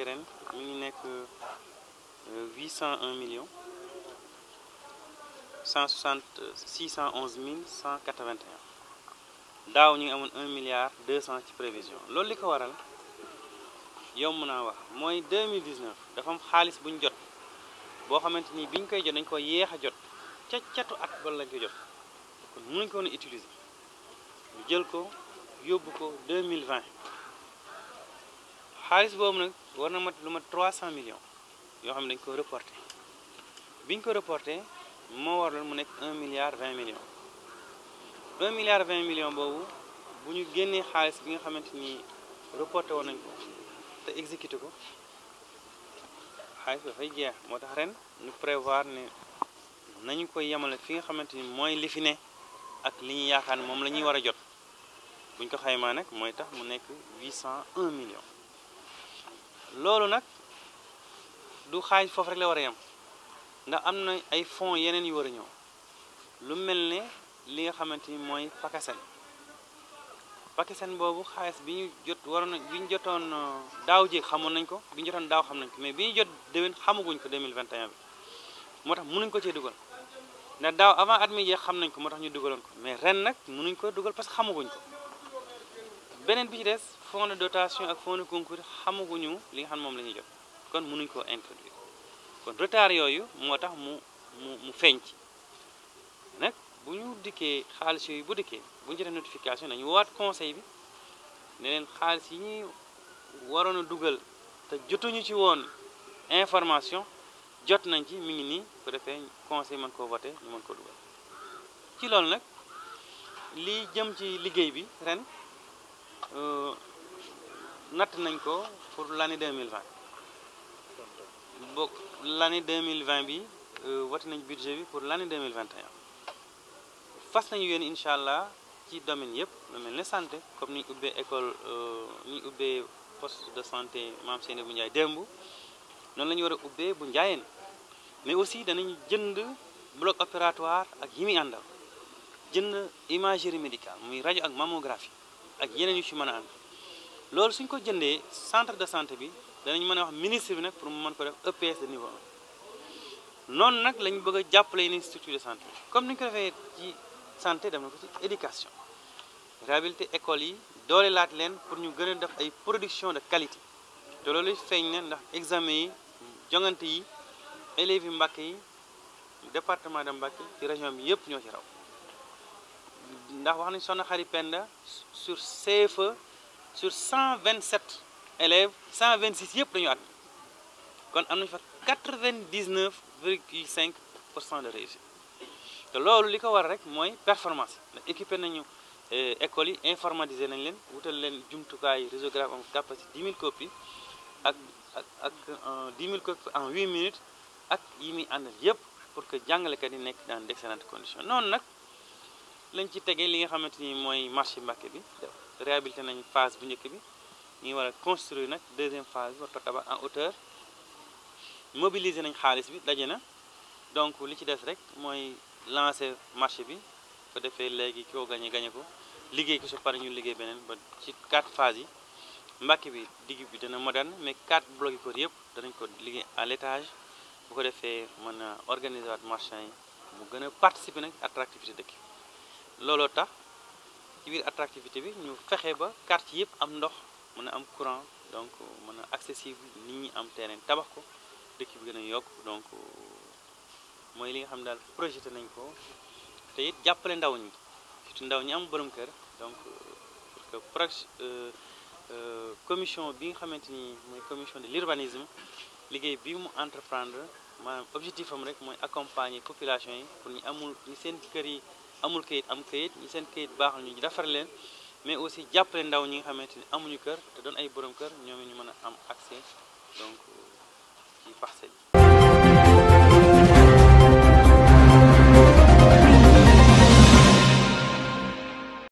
ci ren mi ngi nekk cent cent un 801 millions cent 611 euh, mille cent 181 daaw ñu ngi amoon 1 milliard cent ci prévision loolu li ko waral yomb naa wax mooy mille 2019 dafa am xaalis buñ jot boo xamante ni biñ koy jot nañ ko yéex a jot ca catu at bala lañ ko jot kon mënuñ ko woon utiliser jël ko yóbbu ko 2020 xaalis boobu nag war na mat lu mat trois 300 millions yoo xam ne dañ ko reporté biñ ko reporté moo warloon mu nekk un milliard vingt millions 1 milliard 20 millions boobu bu ñu génnee xaalis bi nga xamante ni reporté woon nañ ko te exécuté ko xaalis dafay jeex moo tax ren ñu prévoir ne nañu koy yemale fi nga xamante ni mooy li fi ne ak li ñu yaakaar ne moom la ñuy war a jot buñ ko xaymaa nag mooy tax mu nekk cent 801 million loolu nag du xaalis foofu rek la war a yem ndax am na ay fonds yeneen yu war a ñëw lu mel ne li nga xamante ni mooy pakaseen pakaseen boobu xaalis bi ñu jot waroon bi ñu jotoon uh, daaw jéeg xamoon nañ ko bi ñu jotoon daaw xam nañ ko mais bi ñu jot déwén xamaguñ ko 2021 bi moo tax mënuñ ko cee dugal ndax daaw avant at mi jeex xam nañ ko moo tax ñu dugaloon ko mais ren nag mënuñ ko dugal parce que xamaguñ ko beneen bi ci des fonds de dotation ak fonds de concours xamaguñu li nga xam moom lañuy ñuy jot kon mënuñ koo introduire kon retard yooyu moo tax mu mu mu feeñ ci nag bu ñu dikkee xaalis yooyu bu dikkee bu ñu jotee notification nañu woowaat conseil bi ne leen yi ñuy waroon a dugal te jotuñu ci woon information jot nañ ci mi ngi nii bu conseil mën koo voté ñu mën ko dugal ci loolu nag li jëm ci liggéey bi ren Euh, natt nañ ko pour l' année 2020 bokk l' année 2020 bi euh, wati nañ budget bi pour l' année 2021 fas nañu yéen incha allah ci domaine yëpp lu mel ne santé comme ni ubbee école euh, ni ñu ubbee poste de santé maam Seydou bu Ndiaye démb noonu lañu ñu war a ubbee bu njaayeen mais aussi danañ jënd bloc opératoire ak yi muy jënd imagerie médicale muy rajo ak mammographie ak yeneen yu ci mën a ànd loolu suñ ko jëndee centre de santé bi danañ mën a wax ministre bi nag pour mu mën ko def EPS de niveau noonu nag lañ bëgg a jàppale yeneen structure de santé comme ni ñu ko defee ci santé dem na ko ci éducation réhabilité écoles yi doole laat leen pour ñu gën def ay production de qualité te loolu feeñ na ndax examen yi jongante yi élèves yi Mbàkke yi département de Mbàkke ci région bi yëpp ñoo ci raw ndax wax nañ soxna Xari Penda sur CFE sur 127 élèves 126 yëpp dañu at kon am nañ fa 99 virgule 5 pour cent de réussite te loolu li ko war rek mooy performance ndax équipé nañu eh, école yi informatisé nañ leen wutal leen jumtukaay réseau grave en capacité 10 000 copies ak ak ak 10 euh, 000 copies en 8 minutes ak yi muy àndal yëpp pour que jàngalekat yi nekk dans d'excellentes conditions noonu nag lañ ci tegee li nga xamante ni mooy marché Mbacké bi réhabilité nañ phase bu njëkk bi ñu ngi war a construire nag deuxième phase bi war tabax en hauteur mobiliser nañ xaalis bi daje na donc li ci des rek mooy lancer marché bi ko defee léegi koo gañe gañe ko liggéey ko su pare ñu liggéey beneen ba ci quatre phases yi Mbacké bi digg bi dana moderne mais quatre blocs yi ko yëpp danañ ko liggéey à l'étage bu ko defee mën a organiser wat marchand yi mu gën a participer nag attractivité dëkk looloo tax ci biir attractivité bi ñu fexe ba quartier yëpp am ndox mën a am courant donc mën a accessible nit ñi am terrain tabax ko dëkk bi gën a yokk donc mooy li nga xam daal projeté nañ ko te it jàppale ndaw ñi surtout ndaw ñi am borom kër donc pour que proche euh, euh, commission bi nga xamante ni mooy commission de l'urbanisme liggéey bi mu entreprendre maanaam objectif am rek mooy accompagner population yi pour ñu amul ñu seen kër yi amul kayit am kayit ñi seen kayit baaxul ñu defar leen mais aussi jàppale ndaw ñi nga xamante ni amuñu kër te doon ay borom kër ñoom ñu mën a am accès donc ci parcelle yi